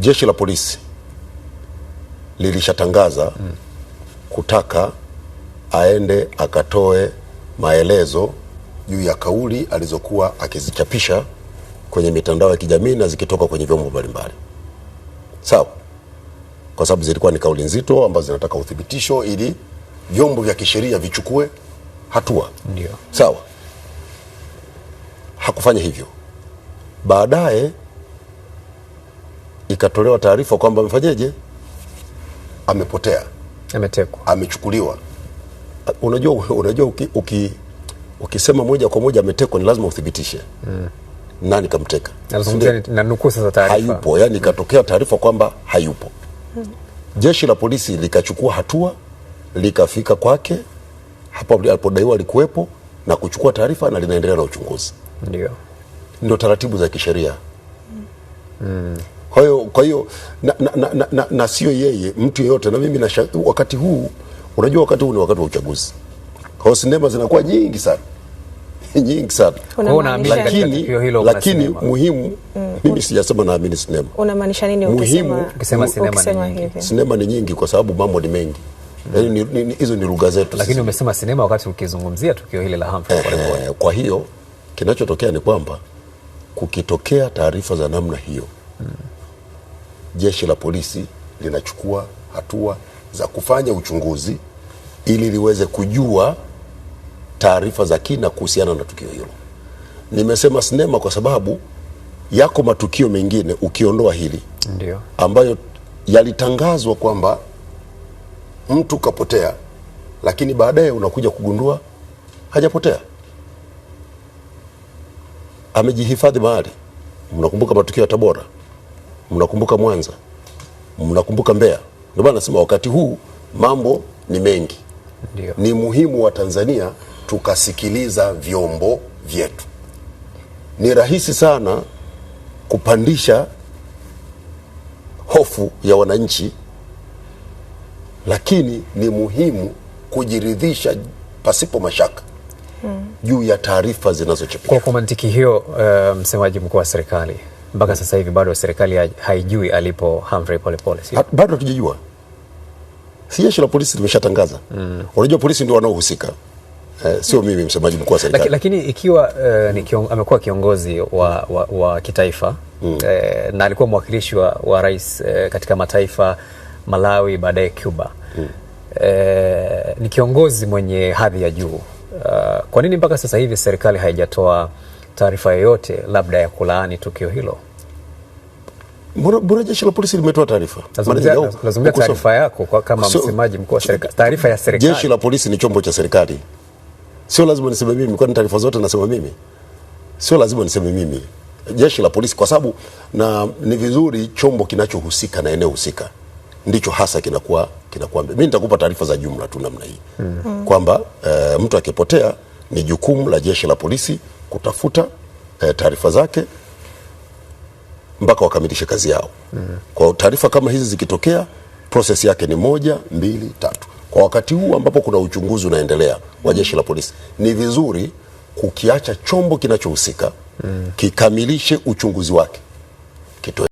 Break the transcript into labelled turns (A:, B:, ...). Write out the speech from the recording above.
A: Jeshi la polisi lilishatangaza mm. kutaka aende akatoe maelezo juu ya kauli alizokuwa akizichapisha kwenye mitandao ya kijamii na zikitoka kwenye vyombo mbalimbali, sawa, kwa sababu zilikuwa ni kauli nzito ambazo zinataka uthibitisho ili vyombo vya kisheria vichukue hatua. Ndio. Sawa, hakufanya hivyo. Baadaye ikatolewa taarifa kwamba amefanyeje, amepotea, ametekwa, amechukuliwa. Unajua, unajua uki, uki, ukisema moja kwa moja ametekwa ni lazima uthibitishe mm. nani kamteka,
B: na nukuu sasa taarifa
A: hayupo, yani hmm. ikatokea taarifa kwamba hayupo mm. Jeshi la polisi likachukua hatua, likafika kwake hapo alipodaiwa alikuwepo na kuchukua taarifa na linaendelea na uchunguzi. Ndio, ndio taratibu za kisheria mm. Kwa hiyo kwa hiyo na, na, na, na, na, na sio yeye mtu yeyote, na mimi na wakati huu, unajua wakati huu ni wakati wa uchaguzi, kwa hiyo sinema zinakuwa nyingi sana nyingi sana lakini, lakini muhimu mm. Mimi sijasema naamini sinema.
B: Unamaanisha nini ukisema, ukisema sinema, sinema, ni nyingi.
A: Sinema ni nyingi kwa sababu mambo ni mengi hizo mm. Yaani ni, ni, ni lugha zetu,
B: lakini umesema sinema wakati ukizungumzia tukio hili la Humphrey
A: eh, Polepole. Kwa hiyo kinachotokea ni kwamba kukitokea taarifa za namna hiyo mm jeshi la polisi linachukua hatua za kufanya uchunguzi ili liweze kujua taarifa za kina kuhusiana na tukio hilo. Nimesema sinema kwa sababu yako matukio mengine ukiondoa hili ndio ambayo yalitangazwa kwamba mtu kapotea, lakini baadaye unakuja kugundua hajapotea, amejihifadhi mahali. Mnakumbuka matukio ya Tabora? mnakumbuka Mwanza, mnakumbuka Mbeya. Ndio maana nasema wakati huu mambo ni mengi. Ndiyo. Ni muhimu wa Tanzania tukasikiliza vyombo vyetu. Ni rahisi sana kupandisha hofu ya wananchi, lakini ni muhimu kujiridhisha pasipo mashaka hmm. juu ya taarifa zinazochipuka.
B: Kwa mantiki hiyo, uh, msemaji mkuu wa serikali mpaka sasa hivi bado serikali haijui alipo Humphrey Polepole, sio?
A: Bado hatujajua, si jeshi la polisi limeshatangaza. Mm. Unajua polisi ndio wanaohusika eh, sio mimi msemaji mkuu wa serikali.
B: Lakini ikiwa eh, ni kion, amekuwa kiongozi wa, wa, wa kitaifa mm. eh, na alikuwa mwakilishi wa, wa rais eh, katika mataifa Malawi, baadaye Cuba mm. eh, ni kiongozi mwenye hadhi ya juu uh, kwa nini mpaka sasa hivi serikali haijatoa taarifa yoyote labda ya kulaani tukio hilo?
A: Mbona jeshi la polisi limetoa taarifa?
B: Nazungumzia taarifa yako kwa kama so, msemaji mkuu wa serikali. Taarifa ya serikali,
A: jeshi la polisi ni chombo cha serikali, sio lazima niseme mimi, kwani taarifa zote nasema mimi, sio lazima niseme mimi, jeshi la polisi, kwa sababu na ni vizuri chombo kinachohusika na eneo husika ndicho hasa kinakuwa kinakuambia. Mimi nitakupa taarifa za jumla tu namna hii mm, kwamba uh, mtu akipotea ni jukumu la jeshi la polisi kutafuta eh, taarifa zake mpaka wakamilishe kazi yao mm. Kwa taarifa kama hizi zikitokea, proses yake ni moja, mbili, tatu. Kwa wakati huu ambapo kuna uchunguzi unaendelea wa jeshi la polisi, ni vizuri kukiacha chombo kinachohusika mm. kikamilishe uchunguzi wake kitoe